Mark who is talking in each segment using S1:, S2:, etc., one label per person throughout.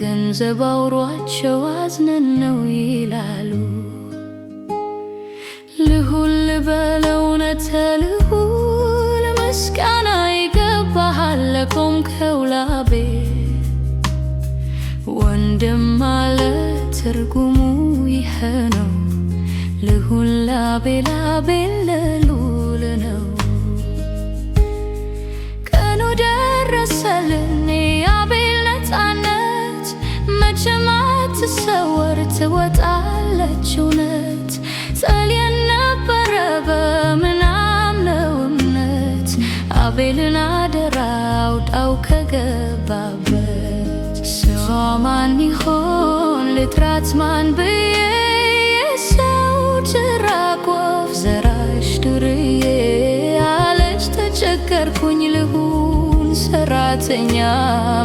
S1: ገንዘብ አውሯቸው አዝነን ነው ይላሉ። ልሁል ልበል እውነተ ልሁን ምስጋና ይገባሃል ለቆምከው ላቤ ወንድም ማለት ትርጉሙ ይህ ነው። ልሁን ላቤ ላቤ ለሉ ስትሰወር ትወጣለች እውነት ጸልየን ነበረ በምናምነው እምነት አቤልን አደራ አውጣው ከገባበት ስሟ ማን ይሆን ማን ብዬ ሞተኛ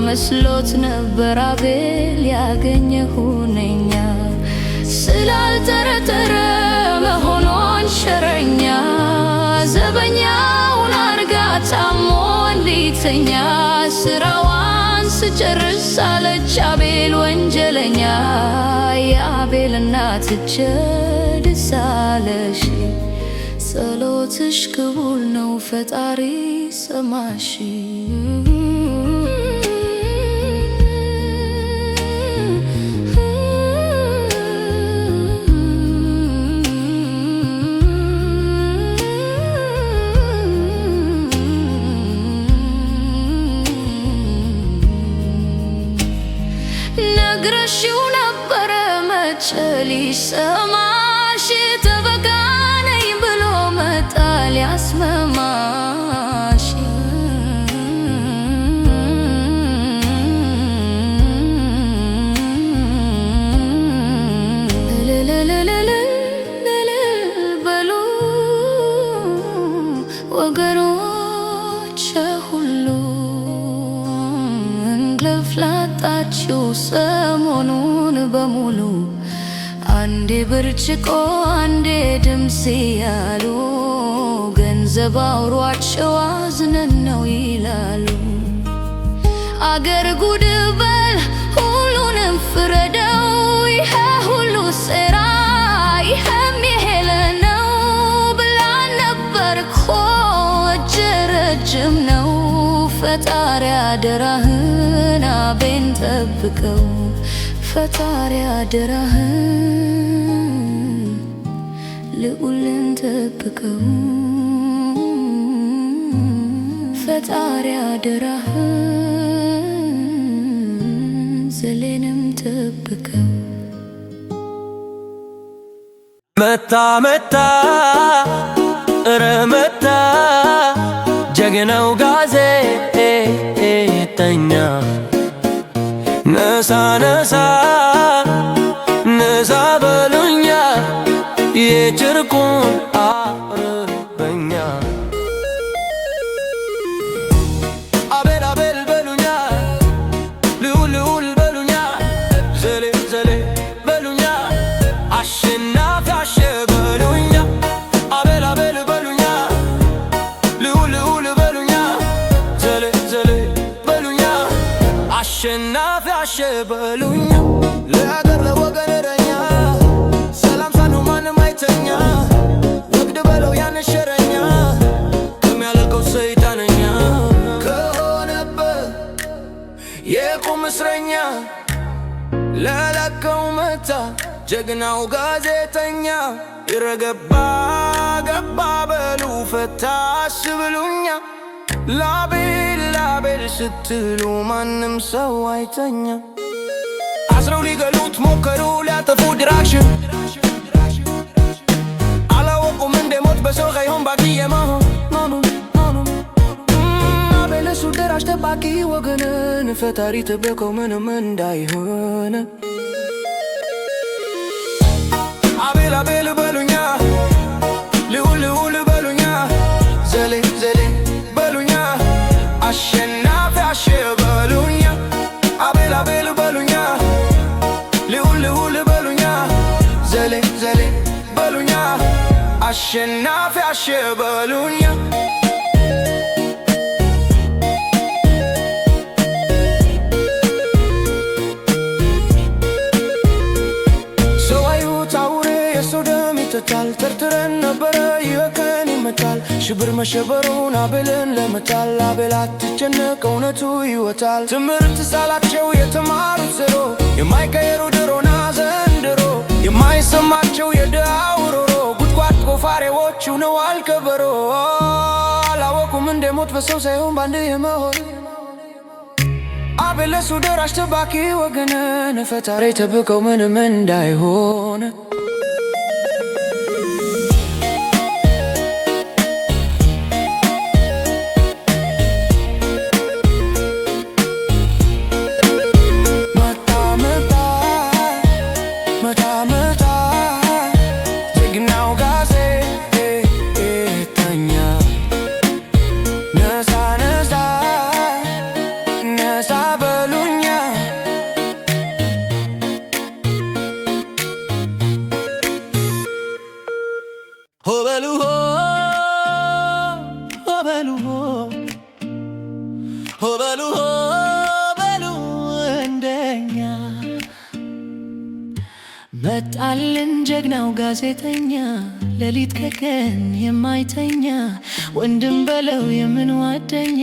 S1: መስሎት ነበር አቤል ያገኘ ሁነኛ ስላልጠረጠረ መሆኗን ሸረኛ ዘበኛውን አርጋ ታሞ ሊተኛ ስራዋን ስጨርስ አለች አቤል ወንጀለኛ የአቤል እናት እጅ ደስ አለሽ ጸሎትሽ ክቡል ነው ፈጣሪ ሰማሽ și una fără măcăli să mai በሙሉ አንዴ ብርጭቆ አንዴ ድምሴ ያሉ ገንዘብ አውሯቸው አዝነን ነው ይላሉ። አገር ጉድ በል ሁሉንም ፍረደው፣ ይሄ ሁሉ ሴራ ይሄም የሄለ ነው ብላ ነበር ኮ እጅ ረጅም ነው ፈጣሪ አደራህን አቤን ጠብቀው ፈጣሪ አደራህን ልዑልን ጠብቀው ፈጣሪ አደራህን ዘሌንም ጠብቀው
S2: መታ መታ እረ መታ ጀግናው ጋዜ ነሳ ነሳ ነሳ በሉኛ የጭርቁን ጀግናው ጋዜጠኛ ይረገባ ገባ በሉ ፈታሽ ብሉኛ ላቤል ላቤል ስትሉ ማንም ሰው አይተኛ። አስረው ሊገሉት ሞከሩ ሊያጠፉ ድራሽን አላወቁም እንደ ሞት በሰው ከይሆን ባቂ የማሆን ደራሽ ጠባቂ ወገንን ፈታሪ ተበቀው ምንም እንዳይሆነ አሸናፊ አሸበሉኛ ሰዋዩ ታውሬ የሰው ደም ተርትረን ነበረ ይበከን ይመታል። ሽብር መሸበሩን አቤልን ለመታል አቤል አትጨነቅ እውነቱ ይወታል! ትምህርት ሳላቸው የተማሩት ስሮ የማይቀየ ሞት በሰው ሳይሆን ባንድ የመሆን አቤለሱ ደራሽ ተባኪ ወገንን ፈጣሪ ጠብቀው ምንም እንዳይሆን ጋዜጠኛ ሌሊት ከቀን የማይተኛ ወንድም በለው የምን ዋደኛ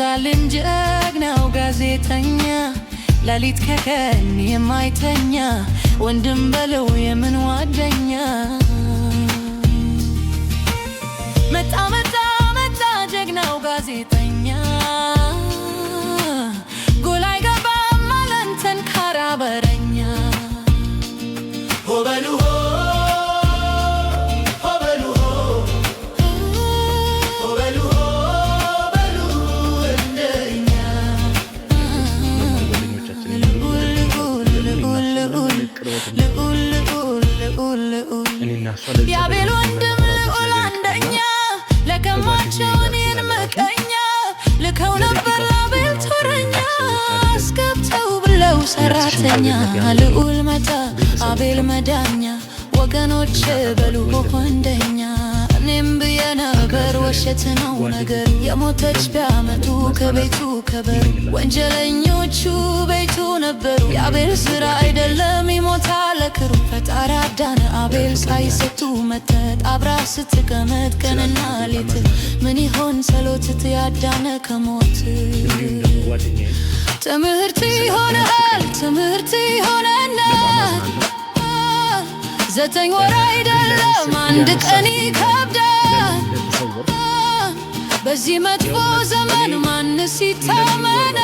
S2: ይመጣልን ጀግናው ጋዜጠኛ ላሊት የማይተኛ ወንድም በለው የምን ጓደኛ መጣ መጣ መጣ ጀግናው ጋዜጠኛ የአቤል ወንድም ቁል አንደኛ ለከማቸው መቀኛ ልከው ነበር አቤል ቶረኛ አስገብተው ብለው ሰራተኛ ልዑል መጣ አቤል መዳኛ ወገኖች በሉ ሆንደኛ እኔም የነበር ወሸት ነው ነገር የሞተች ቢያመጡ ከቤቱ ከበሩ ወንጀለኞቹ ቤቱ ነበሩ። የአቤል ስራ አይደለም ይሞታል ለክሩ ፈጣሪ አዳነ አቤል ሳይሰቱ መተት አብራ ስትቀመጥ ቀንና ሌት ምን ይሆን ጸሎት ያዳነ ከሞት ትምህርት ይሆናል ትምህርት ይሆነናል ዘጠኝ ወር አይደለም አንድ ቀን ይከብዳል። በዚህ መጥፎ ዘመን ማንስ ይታመናል?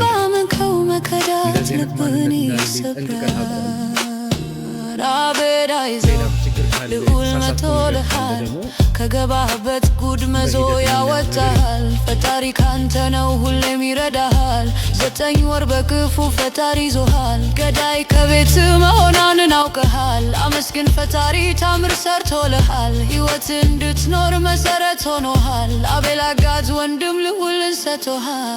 S2: ባመንከው መከዳት ልብን ይሰብራል። አቤዳይዘ ልዑል መቶልሃል ከገባህበት ጉድ መዞ ያወጣል ፈጣሪ ካንተ ነው ሁሌም ይረዳሃል። ዘጠኝ ወር በክፉ ፈጣሪ ይዞሃል። ገዳይ ከቤት መሆናንን አውቀሃል። አመስግን ፈጣሪ ታምር ሰርቶልሃል። ህይወት እንድትኖር መሰረት ሆኖሃል። አቤል አጋዝ ወንድም ልዑልን ሰጥቶሃል።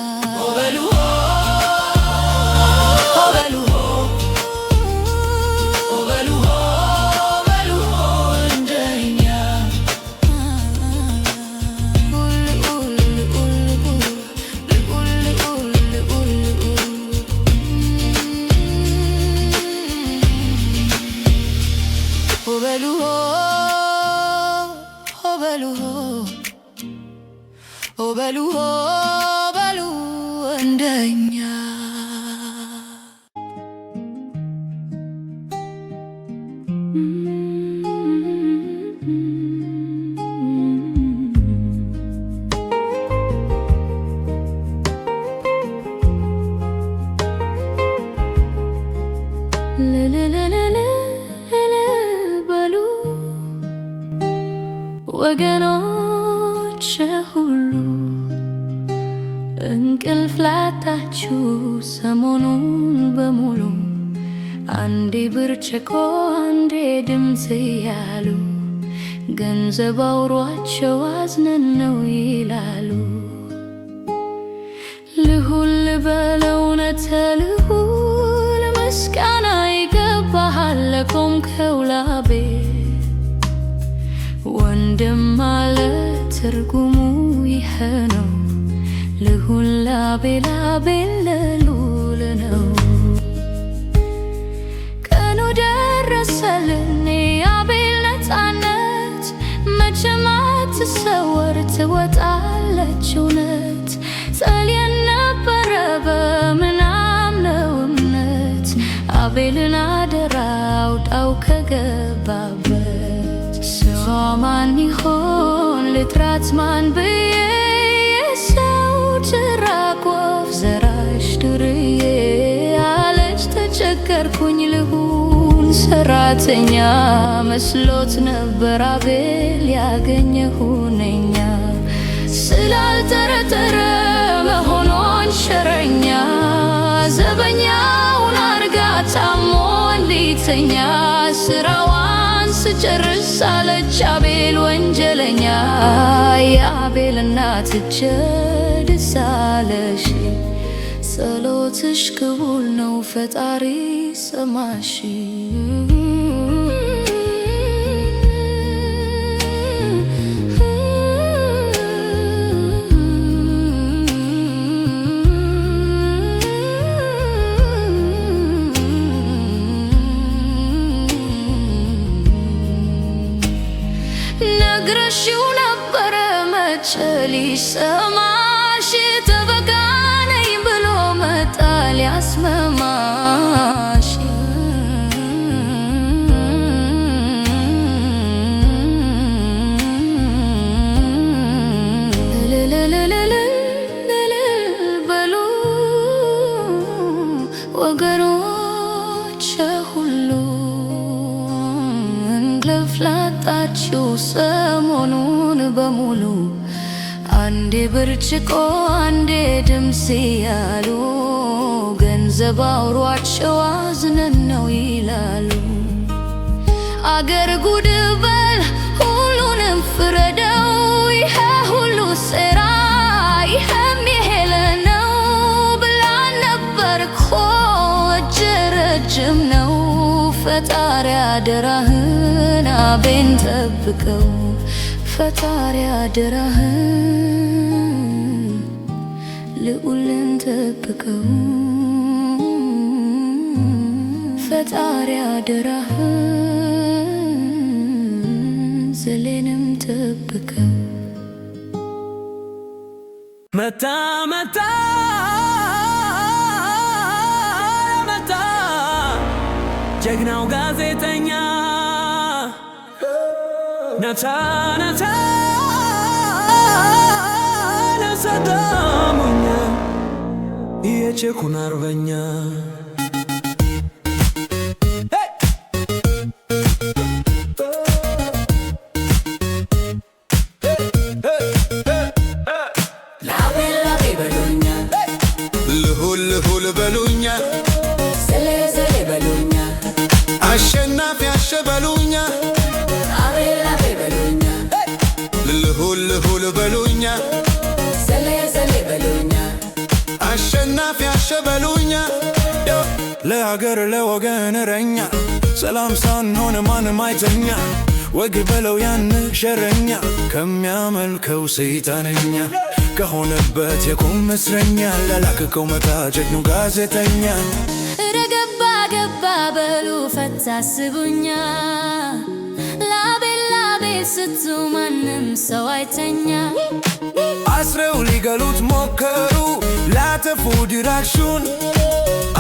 S1: ልልልልል በሉ ወገኖች ሁሉ እንቅልፍ ላታችሁ ሰሞኑን በሙሉ አንዴ ብርጭቆ አንዴ ድምፅ እያሉ ገንዘብ አውሯቸው አዝነን ነው ይላሉ። ልሁል በለው እውነት ልሁል ለቆምከው ላቤ ወንድም ማለት ትርጉሙ ይህ ነው። ልሁን ላቤ ላቤ ለሉ ማን ብዬ የሰው ጭራቆ ዘራሽ ድርዬ አለች ተቸገርኩኝ ልሁን ሰራተኛ መስሎት ነበር አቤል ያገኘሁነኛ ስላልጠረጠረ መሆኗን ሸረኛ ዘበኛውን አርጋ ታሞ ሊተኛ ስራዋ ስጨርስ አለች አቤል ወንጀለኛ የአቤል እናት እጀ ደስ አለሽ ጸሎትሽ ክቡል ነው ፈጣሪ ሰማሽ Tiră și una fără măcăli să mai ሽቆ አንዴ ድምሴ ያሉ ገንዘብ አውሯቸው አዝነን ነው ይላሉ። አገር ጉድ በል ሁሉንም ፍረደው። ይህ ሁሉ ሥራ ይህም የሄለ ነው ብላ ነበር እኮ እጅ ረጅም ነው። ፈጣሪ አደራህን አቤን ጠብቀው ፈጣሪ አደራህን ልዑልን ጠብቀው ፈጣሪ አደራህን ዘሌንም ጠብቀው
S2: መታ መታ መጣ ጀግናው ጋዜጠኛ ነታ ነታ плече хунарвеня. ለሀገር ለወገን እረኛ ሰላም ሳንሆን ማንም አይተኛ ወግ በለው ያን ሸረኛ ከሚያመልከው ሰይጣንኛ ከሆነበት የቁም እስረኛ ላላክከው መታጀኑ ጋዜጠኛ እረ ገባ በሉ ፈታ አስቡኛ ላቤ ላቤ ስቱ ማንም ሰው አይተኛ አስረው ሊገሉት ሞከሩ ላተፉ ድራሹን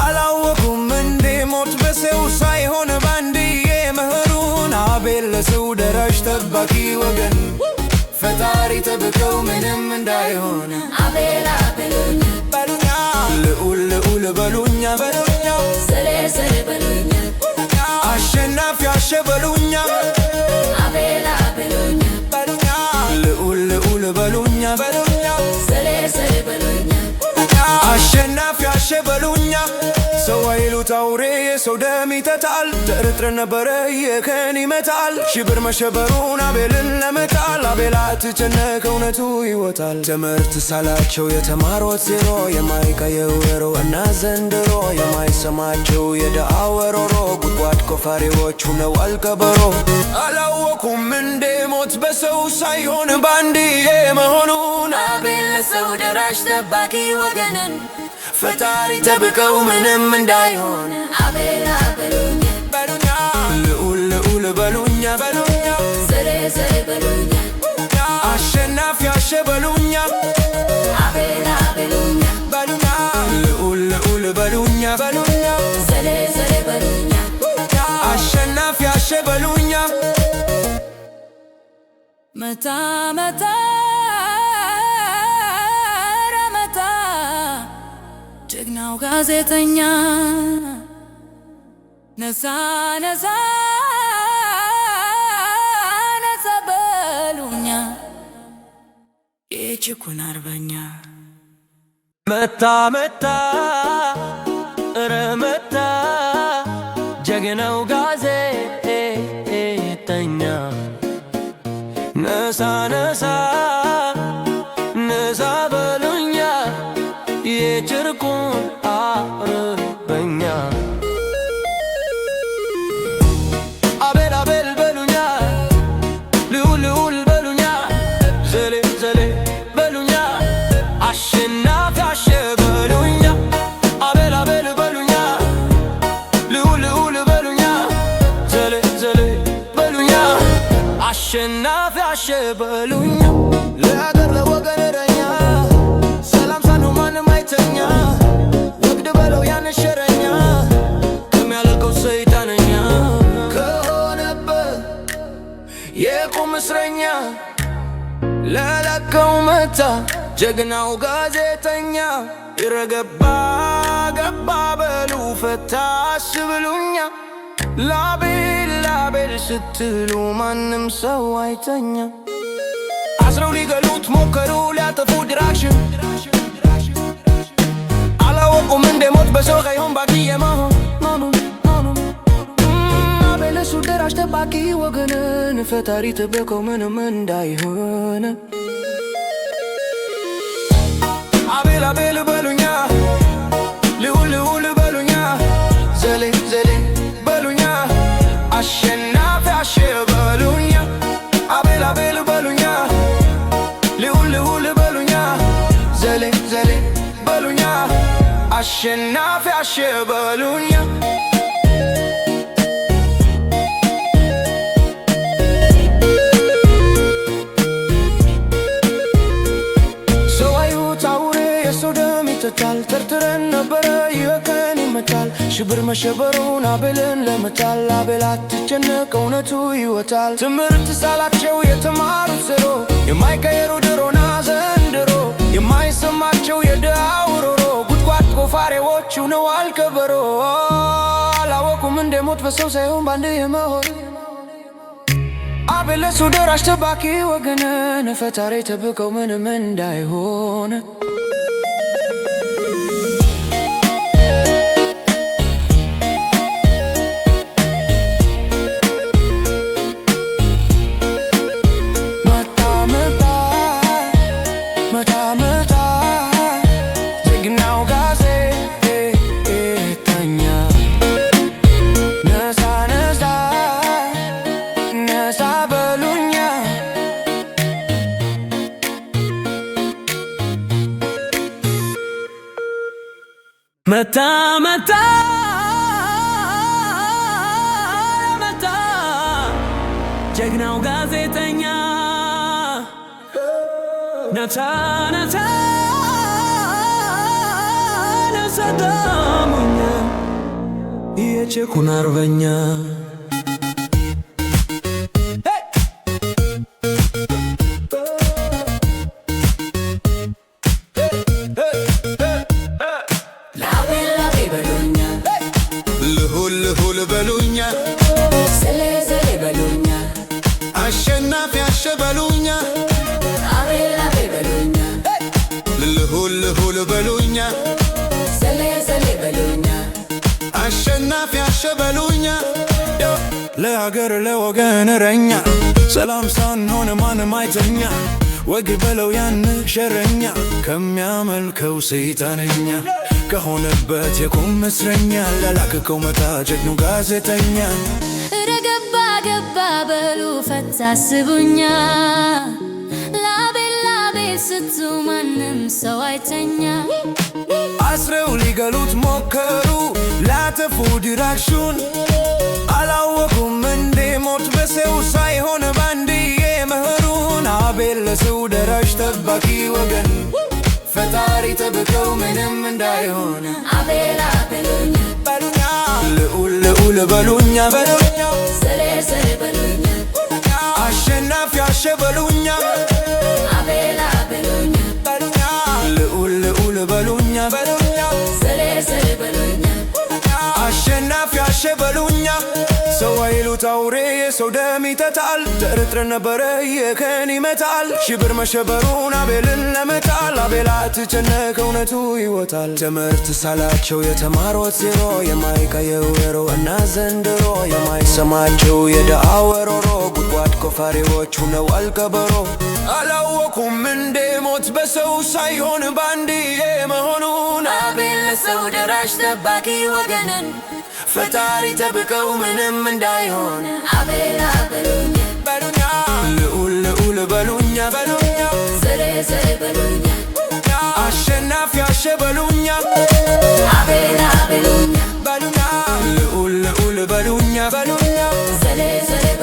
S2: አላወቁም እንዴ ሞት በሰው ሳይሆን ባንድዬ መኸሩን አቤል ለሰው ደራሽ ጠባቂ ወገን ፈጣሪ ተብቀው ምንም እንዳይሆን አቤል በሉኝ ልዑል ልዑል በሉኛ በሉኛ በሉኛ አሸናፊ አሸ በሉኛ ልዑል ልዑል በሉኛ በሉኛ አሸናፊ አሸበሉኛ ሰው አይሉት አውሬ የሰው ደም ይጠጣል። ጥርጥር ነበረ የከን ይመታል። ሽብር መሸበሩን አቤልን ለመጣል አቤላ ትጨነቅ እውነቱ ይወጣል። ትምህርት ሳላቸው የተማሮት ዜሮ ወሮ እና ዘንድሮ የማይሰማቸው የደአ ወሮሮ ጉድጓድ ቆፋሪዎች ሁነው ከበሮ። አላወቁም እንዴ ሞት በሰው ሳይሆን ባንድዬ መሆኑን። አቤል ለሰው ደራሽ ጠባቂ ወገንን ፈጣሪ ጠብቀው ምንም እንዳይሆን። አቤል በሉኝ በሉኛ፣ ልዑል ልዑል በሉኛ በሉኛ፣ ዘሬ ዘሬ በሉኛ፣ አሸናፊ አሸ በሉኛ መታ መታ ረመታ ጀግናው ጋዜጠኛ ነሳ ነሳ ነሳ በሉኛ የችኩን አርበኛ መታ መታ ረመታ ጀግናው ጋዜ sana sana እስረኛ ለለከው መታ ጀግናው ጋዜጠኛ ይረገባ ገባ በሉ ፈታሽ ብሉኛ ላቤል ላቤል ስትሉ ማንም ሰው አይተኛ። አስረው ሊገሉት ሞከሩ ሊያጠፉ ድራሽን አላወቁም እንደሞት በሰው ከይሆን ባኪ የመሆን ደራሽ ጠባቂ ወገንን ፈጣሪ ጥበቀው ምንም እንዳይሆን። አቤል አቤል በሉኛ፣ ልዑል ልዑል በሉኛ፣ ዘሌ ዘሌ በሉኛ፣ አሸናፊ አሸ በሉኛ። አቤል አቤል በሉኛ፣ ልዑል ልዑል በሉኛ፣ ዘሌ ዘሌ በሉኛ፣ አሸናፊ አሸ በሉኛ ነበረ ይበቀን ይመታል ሽብር መሸበሩን አብልን ለመጣል አቤል አትጨነቅ እውነቱ ይወጣል ትምህርት ሳላቸው የተማሩ ስሮ የማይቀየሩ ድሮና ዘንድሮ የማይሰማቸው የድሃው ሮሮ ጉድጓድ ቆፋሬዎች ነው አልከበሮ አላወቁም እንደ ሞት በሰው ሳይሆን ባንድ የመሆን አቤል ለሱ ደራሽ ተባኪ ወገነ ነፈታሬ ተብቀው ምንም እንዳይሆን ጀግናው ጋዜጠኛ ነታ ነታ ነሳዳሙኛ የቼኩን አርበኛ ለሀገር ለወገን እረኛ ሰላም ሳንሆን ማንም አይተኛ ወግ በለው ያን ሸረኛ ከሚያመልከው ሰይጣነኛ ከሆነበት የቁም እስረኛ ለላክከው መታ ጀግኑ ጋዜጠኛ ረገባ ገባ በሉ ፈታ አስቡኛ ላቤላቤ ስቱ ማንም ሰው አይተኛ አስረው ሊገሉት ሞከሩ። ላተፉ ድራሹን አላወቁም እንዴ ሞት በሰው ሳይሆን ባንድዬ መኸሩን አቤል ለሰው ደራሽ ጠባቂ ወገን ፈጣሪ ጠብቀው ምንም እንዳይሆን አቤል አቤሉኝ በሉኛ ልዑል ልዑል በሉኛ በሉኛ አሸናፊ አሸበሉኛ ዛፍ ያሸበሉኛ ሰው አይሉት አውሬ የሰው ደም ይጠጣል። ተርጥረን ነበረ የከን ይመታል ሽብር መሸበሩን አቤልን ለመጣል አቤላ ትጨነቅ እውነቱ ይወጣል። ትምህርት ሳላቸው የተማሮት ዜሮ የማይቀየው የሮ እና ዘንድሮ የማይሰማቸው የደአ ወሮሮ ጉድጓድ ቆፋሪዎች ሁነዋል ከበሮ። አላወቁም እንዴ ሞት በሰው ሳይሆን ባንድዬ መሆኑን አቤል ለሰው ደራሽ ጠባቂ ወገንን ፈጣሪ ጠብቀው ምንም እንዳይሆን አቤላ በሉኛ በሉኛ ልዑል ልዑል በሉኛ በሉኛ ዘሬ ዘሬ በሉኛ አሸናፊ አሸ በሉኛ አቤላ በሉኛ በሉኛ ልዑል ልዑል በሉኛ በሉኛ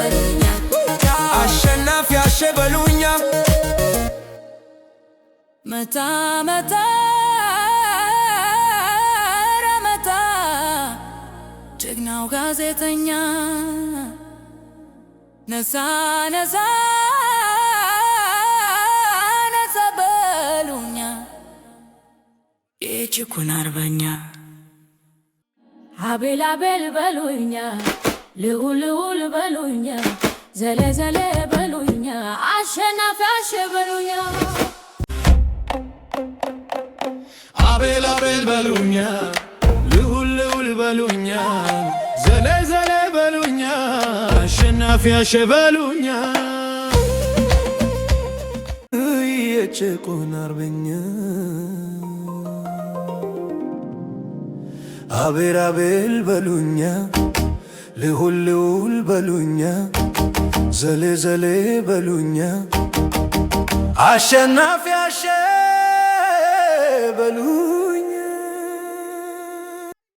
S2: በሉኛ አሸናፊ አሸ በሉኛ መታ መታ ጀግናው ጋዜጠኛ ነፃ ነፃ ነፃ በሉኛ የጭቁን አርበኛ አቤል አቤል በሉኛ ልዑል ልዑል በሉኛ ዘለ ዘለ በሉኛ አሸናፊ አሸ በሉኛ አቤል አቤል በሉኛ ልዑል ልዑል በሉኛ አፍ ያሸበሉኛ የጭቁን አርበኛ አቤል አቤል በሉኛ ልዑል ልዑል በሉኛ ዘሌ ዘሌ በሉኛ አሸናፊ አሸ በሉ